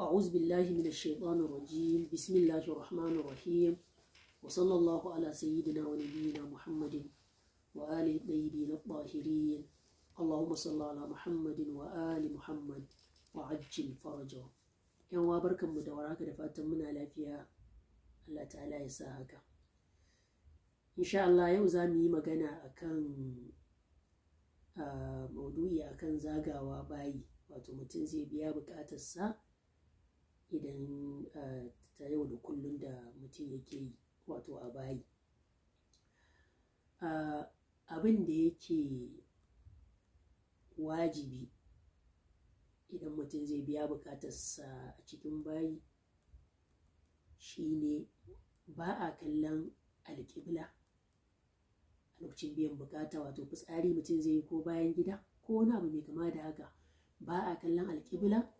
أعوذ بالله من الشيطان الرجيم بسم الله الرحمن الرحيم وصلى الله على سيدنا ونبينا محمد وآل الطيبين الطاهرين اللهم صل على محمد وآل محمد وعجل فرجه yan wa barkan mu da waraka da fatan muna lafiya Allah ta'ala ya sa haka insha Allah yau za mu yi magana akan maudu'i akan zagawa bayi wato mutum zai biya sa. idan ta yau da kullum da mutum yake yi wato a bayi abin da yake wajibi idan mutum zai biya bukatarsa a cikin bayi shine ba a kallon alƙibla a lokacin biyan bukata wato fitsari mutum zai yi ko bayan gida ko wani abu mai kama da haka ba a kallon alƙibla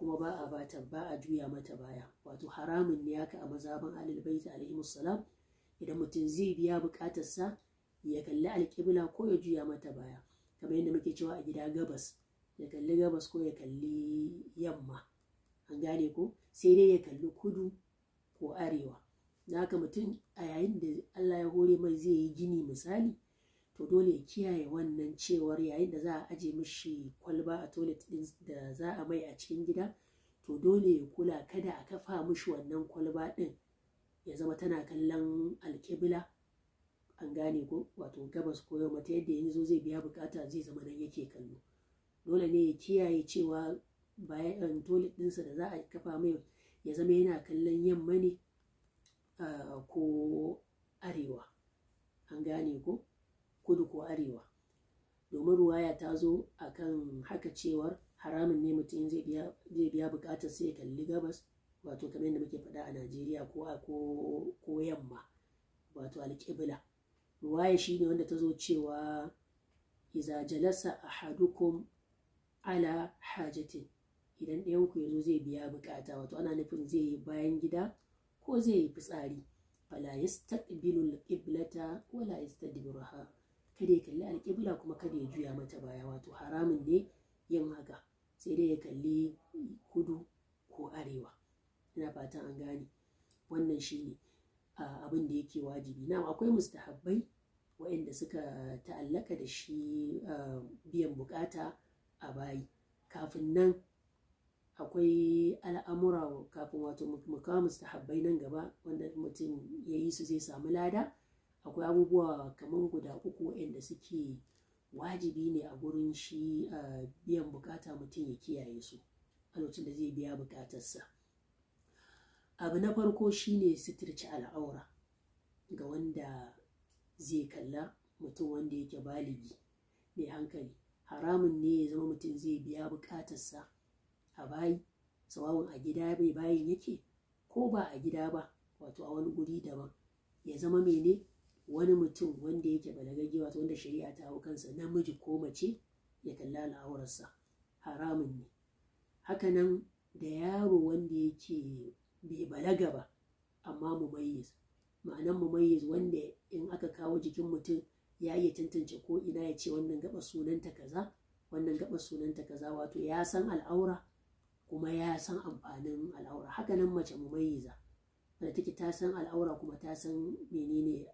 kuma ba a bata ba a juya mata baya wato haramun ne haka a mazaban ahlul bait alaihimus salam idan mutum zai biya sa ya kalli alƙibla ko ya juya mata baya kamar yadda muke cewa a gida gabas ya kalli gabas ko ya kalli yamma an gane ko sai dai ya kalli kudu ko arewa da haka mutum a yayin da Allah ya hore mai zai yi gini misali to dole ya kiyaye wannan cewar yayin da za a aje mishi kwalba a toilet din da za a mai a cikin gida to dole ya kula kada a kafa mishi wannan kwalba din ya zama tana kallon alkibla an gane ko wato gabas ko yau mata yadda yanzu zai biya bukata zai zama nan yake kallo dole ne ya kiyaye cewa bayan um, toilet ɗinsa da za a kafa mai ya zama yana kallon yamma ne uh, ko arewa an gane ko kudu ko arewa domin ruwaya ta zo a kan haka cewar haramun ne mutum zai biya bukatar sai ya kalli gabas wato kamar yadda muke faɗa a najeriya ko a ko yamma wato alƙibla ruwaya shine wanda ta zo cewa iza jalasa ahadukum ala hajatin idan ɗayanku ya zo zai biya bukata wato ana nufin zai yi bayan gida ko zai yi fitsari fala yastaqbilu al-qiblata wala yastadbiruha kada ya kalli alƙibla kuma kada ya juya mata baya wato haramun ne yin haka sai dai ya kalli kudu ko arewa ina fatan an gane wannan shi ne. abin da yake wajibi na akwai mustahabbai waɗanda suka ta'allaka da shi biyan bukata a bayi kafin nan akwai al'amura kafin wato mukawa mustahabbai nan gaba wanda mutum ya yi su zai samu lada akwai abubuwa kamar guda uku waɗanda suke wajibi ne a gurin shi biyan bukata mutum ya kiyaye su a lokacin da zai biya bukatarsa abu na farko shine suturci al'aura ga wanda zai kalla mutum wanda yake baligi mai hankali haramun ne ya zama mutum zai biya bukatarsa a bayi sawawun a gida bai bayin yake ko ba a gida ba wato a wani guri daban ya zama mene wani mutum wanda yake balagagge wato wanda shari'a ta hau kansa namiji ko mace ya kalla al'aurarsa haramun ne hakanan da yaro wanda yake bai balaga ba amma mumayyiz ma'anan mumayyiz wanda in aka kawo jikin mutum ya iya tantance ko ina ya ce wannan gaba sunanta kaza wannan gaba ta kaza wato ya san al'aura kuma ya san amfanin al'aura hakanan mace mu mumayyiza da take ta san al'aura kuma ta san menene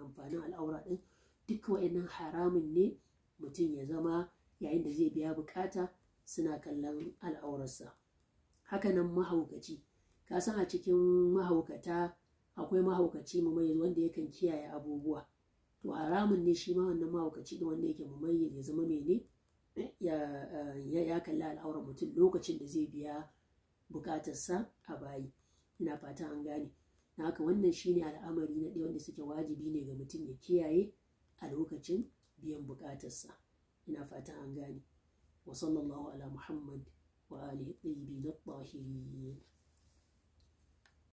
amfanin al'aura din duk wa'annan haramun ne mutum ya zama yayin da zai biya bukata suna kallon al'aurarsa hakanan mahaukaci ka san a cikin mahaukata akwai mahaukaci mamayyar wanda yakan kiyaye abubuwa to haramun ne shi ma wannan mahaukaci da wanda yake mamayyar ya zama mene ya kalli al'aurar mutum lokacin da zai biya bukatarsa a bayi ina fata an gane na haka wannan shine al'amari na ɗaya wanda suke wajibi ne ga mutum ya kiyaye a lokacin biyan buƙatarsa ina fata an gane wa sallallahu ala muhammad wa alihi tayyibin at-tahirin